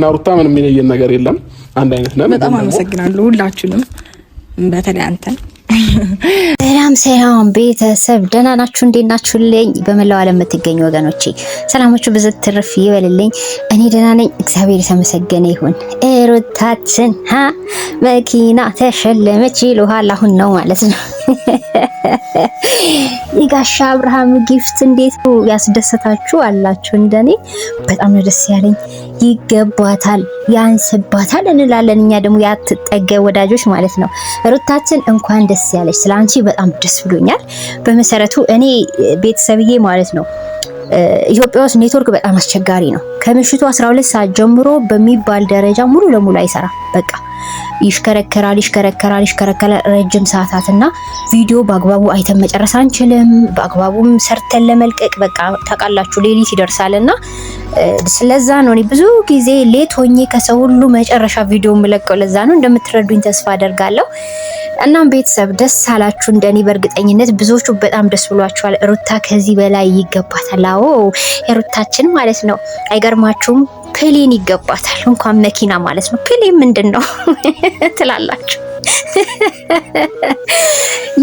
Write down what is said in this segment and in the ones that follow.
እና ሩታ ምንም የሚለየን ነገር የለም። አንድ አይነት ነን። በጣም አመሰግናለሁ ሁላችሁንም፣ በተለይ አንተን። ሰላም ሰላም ቤተሰብ ደህና ናችሁ? እንዴት ናችሁልኝ? በመላው ዓለም የምትገኙ ወገኖቼ ሰላሞቹ ብዙ ትርፍ ይበልልኝ። እኔ ደህና ነኝ፣ እግዚአብሔር የተመሰገነ ይሁን። ሩታችን ሀ መኪና ተሸለመች ይሉሃል። አሁን ነው ማለት ነው ጋሻ አብርሃም ጊፍት እንዴት ያስደሰታችሁ አላችሁ? እንደኔ በጣም ነው ደስ ያለኝ። ይገባታል፣ ያንስባታል እንላለን እኛ ደግሞ ያትጠገ ወዳጆች ማለት ነው። ሩታችን እንኳን ደስ ያለች። ስለ አንቺ በጣም ደስ ብሎኛል። በመሰረቱ እኔ ቤተሰብዬ ማለት ነው ኢትዮጵያ ውስጥ ኔትወርክ በጣም አስቸጋሪ ነው። ከምሽቱ 12 ሰዓት ጀምሮ በሚባል ደረጃ ሙሉ ለሙሉ አይሰራ። በቃ ይሽከረከራል፣ ይሽከረከራል፣ ይሽከረከራል ረጅም ሰዓታት እና ቪዲዮ በአግባቡ አይተን መጨረስ አንችልም። በአግባቡም ሰርተን ለመልቀቅ በቃ ታውቃላችሁ ሌሊት ይደርሳል እና ስለዛ ነው እኔ ብዙ ጊዜ ሌት ሆኜ ከሰው ሁሉ መጨረሻ ቪዲዮ የምለቀው። ለዛ ነው እንደምትረዱኝ ተስፋ አደርጋለሁ። እናም ቤተሰብ ደስ አላችሁ እንደኔ? በእርግጠኝነት ብዙዎቹ በጣም ደስ ብሏችኋል። ሩታ ከዚህ በላይ ይገባታል። አዎ የሩታችን ማለት ነው። አይገርማችሁም? ፕሌን ይገባታል። እንኳን መኪና ማለት ነው። ፕሌን ምንድን ነው ትላላችሁ?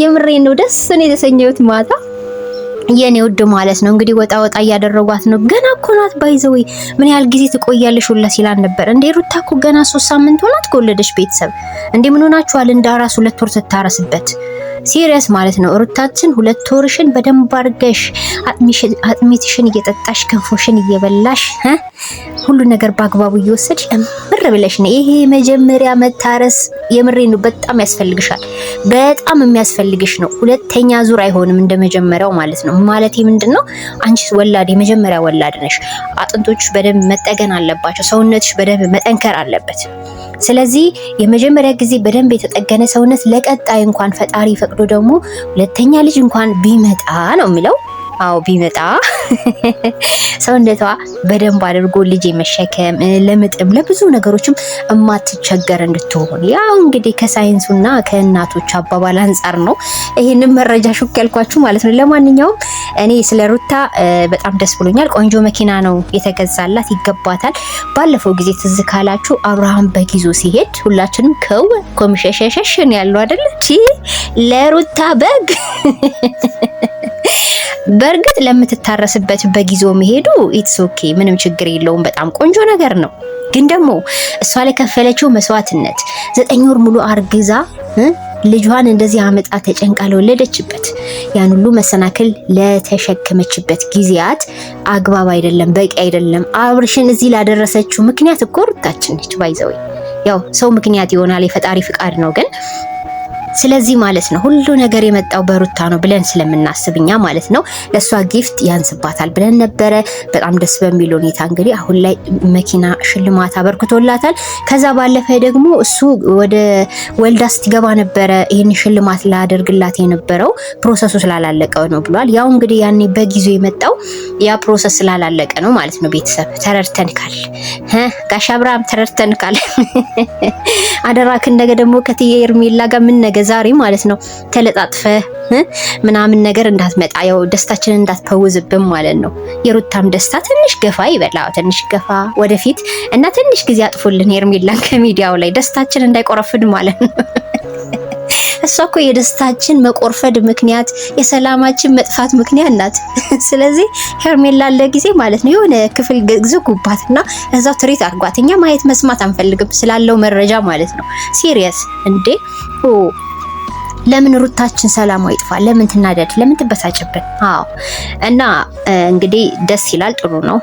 የምሬን ነው። ደስ ነው የተሰኘሁት ማታ የኔ ውድ ማለት ነው እንግዲህ ወጣ ወጣ እያደረጓት ነው። ገና እኮ ናት ባይዘው ምን ያህል ጊዜ ትቆያለሽ ሁላ ሲላን ነበር እንዴ። ሩታ እኮ ገና ሶስት ሳምንት ሆናት ከወለደች። ቤተሰብ እንዴ ምን ሆናችኋል? እንደ አራስ ሁለት ወር ትታረስበት ሲሪየስ ማለት ነው። ሩታችን ሁለት ወርሽን በደንብ አርገሽ አጥሚትሽን እየጠጣሽ ክንፎሽን እየበላሽ ሁሉን ነገር በአግባቡ እየወሰድሽ እምር ብለሽ ነው። ይሄ መጀመሪያ መታረስ የምሬ ነው፣ በጣም ያስፈልግሻል። በጣም የሚያስፈልግሽ ነው። ሁለተኛ ዙር አይሆንም እንደ መጀመሪያው ማለት ነው። ማለት ምንድን ነው? አንቺ ወላድ የመጀመሪያ ወላድ ነሽ። አጥንቶች በደንብ መጠገን አለባቸው። ሰውነትሽ በደንብ መጠንከር አለበት። ስለዚህ የመጀመሪያ ጊዜ በደንብ የተጠገነ ሰውነት ለቀጣይ እንኳን ፈጣሪ ፈቅዶ ደግሞ ሁለተኛ ልጅ እንኳን ቢመጣ ነው የሚለው አዎ ቢመጣ ሰውነቷ በደንብ አድርጎ ልጅ የመሸከም ለምጥም ለብዙ ነገሮችም እማትቸገር እንድትሆን ያው እንግዲህ ከሳይንሱና ከእናቶች አባባል አንጻር ነው ይህንን መረጃ ሹክ ያልኳችሁ ማለት ነው። ለማንኛውም እኔ ስለ ሩታ በጣም ደስ ብሎኛል። ቆንጆ መኪና ነው የተገዛላት፣ ይገባታል። ባለፈው ጊዜ ትዝ ካላችሁ አብርሃም በጊዞ ሲሄድ ሁላችንም ከው ኮምሸሸሸሽን ያለው አይደል ለሩታ በግ በእርግጥ ለምትታረስበት በጊዞ መሄዱ ኢትስ ኦኬ፣ ምንም ችግር የለውም። በጣም ቆንጆ ነገር ነው። ግን ደግሞ እሷ ከፈለችው መስዋዕትነት ዘጠኝ ወር ሙሉ አርግዛ ልጇን እንደዚህ አመጣ ተጨንቃ ለወለደችበት ያን ሁሉ መሰናክል ለተሸከመችበት ጊዜያት አግባብ አይደለም፣ በቂ አይደለም። አብርሽን እዚህ ላደረሰችው ምክንያት እኮ ሩታችን ነች። ባይዘወይ ያው ሰው ምክንያት ይሆናል፣ የፈጣሪ ፍቃድ ነው ግን ስለዚህ ማለት ነው ሁሉ ነገር የመጣው በሩታ ነው ብለን ስለምናስብኛ ማለት ነው ለእሷ ጊፍት ያንስባታል ብለን ነበረ። በጣም ደስ በሚል ሁኔታ እንግዲህ አሁን ላይ መኪና ሽልማት አበርክቶላታል። ከዛ ባለፈ ደግሞ እሱ ወደ ወልዳ ስትገባ ነበረ ይህን ሽልማት ላደርግላት የነበረው ፕሮሰሱ ስላላለቀ ነው ብሏል። ያው እንግዲህ ያኔ በጊዜው የመጣው ያ ፕሮሰስ ስላላለቀ ነው ማለት ነው። ቤተሰብ ተረድተንካል፣ ጋሽ አብርሃም ተረድተንካል። አደራክን ነገ ደግሞ ከትዬ ኤርሜላ ጋር ምን ነገ ዛሬ ማለት ነው ተለጣጥፈ ምናምን ነገር እንዳትመጣ ያው ደስታችንን እንዳትፈውዝብን ማለት ነው። የሩታም ደስታ ትንሽ ገፋ ይበላ ትንሽ ገፋ ወደፊት እና ትንሽ ጊዜ አጥፉልን ሄርሜላን ከሚዲያው ላይ ደስታችን እንዳይቆረፍድ ማለት ነው። እሷ እኮ የደስታችን መቆርፈድ ምክንያት የሰላማችን መጥፋት ምክንያት ናት። ስለዚህ ሄርሜላ ጊዜ ማለት ነው የሆነ ክፍል ጉባትና እዛው ትሪት አድርጓት። እኛ ማየት መስማት አንፈልግም ስላለው መረጃ ማለት ነው። ሲሪየስ እንዴ ለምን ሩታችን ሰላሟ ይጥፋ? ለምን ትናደድ? ለምን ትበሳጭብን? አዎ እና እንግዲህ ደስ ይላል፣ ጥሩ ነው።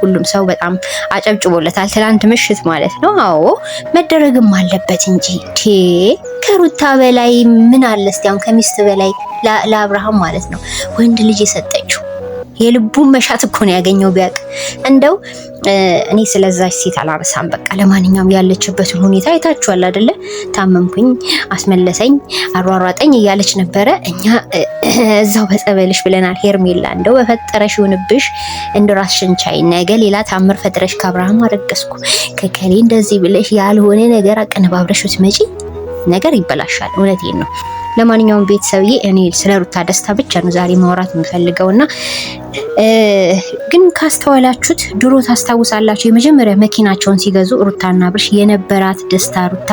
ሁሉም ሰው በጣም አጨብጭቦለታል ትናንት ምሽት ማለት ነው። አዎ መደረግም አለበት እንጂ ከሩታ በላይ ምን አለ? እስቲ አሁን ከሚስት በላይ ለአብርሃም ማለት ነው ወንድ ልጅ የሰጠችው የልቡን መሻት እኮ ነው ያገኘው ቢያቅ። እንደው እኔ ስለዛች ሴት አላነሳም። በቃ ለማንኛውም ያለችበትን ሁኔታ አይታችኋል አይደለ? ታመምኩኝ፣ አስመለሰኝ፣ አሯሯጠኝ እያለች ነበረ። እኛ እዛው በጸበልሽ ብለናል። ሄርሜላ እንደው በፈጠረሽ ይሁንብሽ፣ እንደ ራስሽን ቻይ። ነገ ሌላ ታምር ፈጥረሽ ከአብርሃም አረገዝኩ ከከሌ እንደዚህ ብለሽ ያልሆነ ነገር አቀነባብረሽ ብትመጪ ነገር ይበላሻል። እውነቴን ነው። ለማንኛውም ቤተሰብዬ እኔ ስለ ሩታ ደስታ ብቻ ነው ዛሬ ማውራት የምፈልገው እና ግን ካስተዋላችሁት ድሮ ታስታውሳላችሁ የመጀመሪያ መኪናቸውን ሲገዙ ሩታና ብርሽ የነበራት ደስታ ሩታ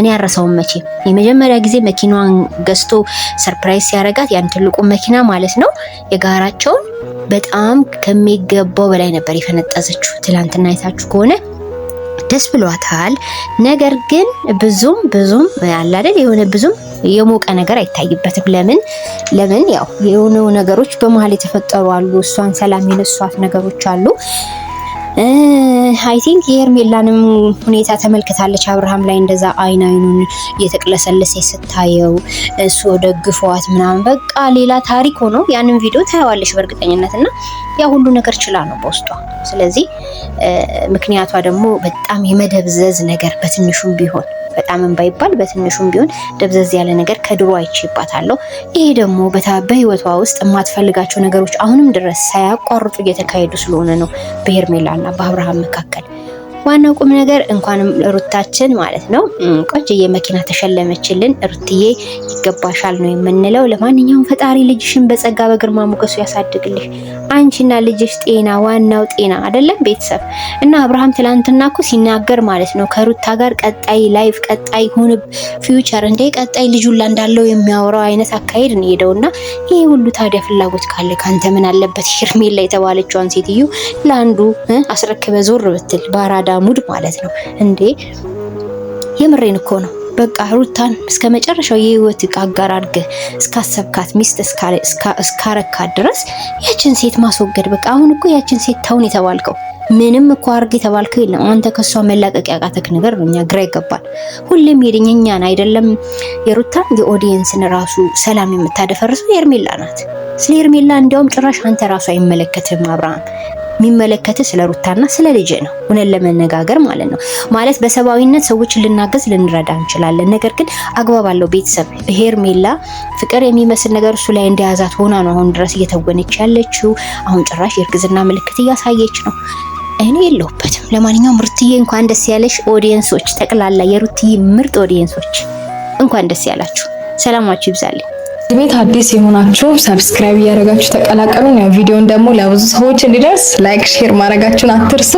እኔ አረሰውም መቼ የመጀመሪያ ጊዜ መኪናዋን ገዝቶ ሰርፕራይዝ ሲያረጋት ያን ትልቁ መኪና ማለት ነው የጋራቸውን በጣም ከሚገባው በላይ ነበር የፈነጠዘችው። ትላንትና አይታችሁ ከሆነ ደስ ብሏታል። ነገር ግን ብዙም ብዙም አለ አይደል የሆነ ብዙም የሞቀ ነገር አይታይበትም። ለምን ለምን ያው የሆኑ ነገሮች በመሀል የተፈጠሩ አሉ። እሷን ሰላም የነሷት ነገሮች አሉ። አይ ቲንክ የሄርሜላንም ሁኔታ ተመልክታለች። አብርሃም ላይ እንደዛ አይን አይኑን እየተቅለሰለሰ ስታየው እሱ ደግፏት ምናምን በቃ ሌላ ታሪክ ሆኖ ያንን ቪዲዮ ታየዋለች በእርግጠኝነት እና ያ ሁሉ ነገር ችላ ነው በውስጧ። ስለዚህ ምክንያቷ ደግሞ በጣም የመደብዘዝ ነገር በትንሹም ቢሆን በጣምም ባይባል በትንሹም ቢሆን ደብዘዝ ያለ ነገር ከድሮ አይቼባታለሁ። ይሄ ደግሞ በህይወቷ ውስጥ የማትፈልጋቸው ነገሮች አሁንም ድረስ ሳያቋርጡ እየተካሄዱ ስለሆነ ነው በሄርሜላ እና በአብርሃም መካከል ዋናው ቁም ነገር እንኳንም ሩታችን ማለት ነው ቆንጆዬ መኪና ተሸለመችልን። ሩትዬ ይገባሻል ነው የምንለው። ለማንኛውም ፈጣሪ ልጅሽን በጸጋ በግርማ ሞገሱ ያሳድግልሽ። አንቺና ልጅሽ ጤና፣ ዋናው ጤና አይደለም ቤተሰብ እና አብርሃም ትላንትና እኮ ሲናገር ማለት ነው ከሩታ ጋር ቀጣይ ላይፍ፣ ቀጣይ ሁን ፊውቸር፣ እንደ ቀጣይ ልጁላ እንዳለው የሚያወራው አይነት አካሄድ ነው እና ይህ ሁሉ ታዲያ ፍላጎት ካለ ከአንተ ምን አለበት ሄርሜላ የተባለችዋን ሴትዮ ለአንዱ አስረክበ ዞር ብትል ባራዳ ሙድ ማለት ነው እንዴ! የምሬን እኮ ነው። በቃ ሩታን እስከ መጨረሻው የህይወት አጋር አድርገህ እስካሰብካት ሚስት እስካረካት ድረስ ያችን ሴት ማስወገድ በቃ አሁን እኮ ያችን ሴት ታውን የተባልከው ምንም እኮ አርግ የተባልከው የለም። አንተ ከሷ መላቀቅ ያቃተክ ነገር ነው። እኛ ግራ ይገባል። ሁሌም የድኛኛን አይደለም የሩታን የኦዲየንስን ራሱ ሰላም የምታደፈርሰው የእርሜላ ናት። ስለ እርሜላ እንዲያውም ጭራሽ አንተ ራሱ አይመለከትም አብርሃም። የሚመለከት ስለ ሩታና ስለ ልጅ ነው። እውነት ለመነጋገር ማለት ነው ማለት በሰብአዊነት ሰዎችን ልናገዝ ልንረዳ እንችላለን። ነገር ግን አግባብ አለው ቤተሰብ ሄርሜላ ፍቅር የሚመስል ነገር እሱ ላይ እንደያዛት ሆና ነው አሁን ድረስ እየተወነች ያለችው። አሁን ጭራሽ የእርግዝና ምልክት እያሳየች ነው። እኔ የለሁበትም። ለማንኛውም ሩትዬ እንኳን ደስ ያለሽ። ኦዲየንሶች፣ ጠቅላላ የሩትዬ ምርጥ ኦዲየንሶች እንኳን ደስ ያላችሁ። ሰላማችሁ ይብዛልኝ። ቤት አዲስ የሆናችሁ ሰብስክራይብ እያደረጋችሁ ተቀላቀሉን። ያው ቪዲዮን ደግሞ ለብዙ ሰዎች እንዲደርስ ላይክ፣ ሼር ማድረጋችሁን አትርሱ።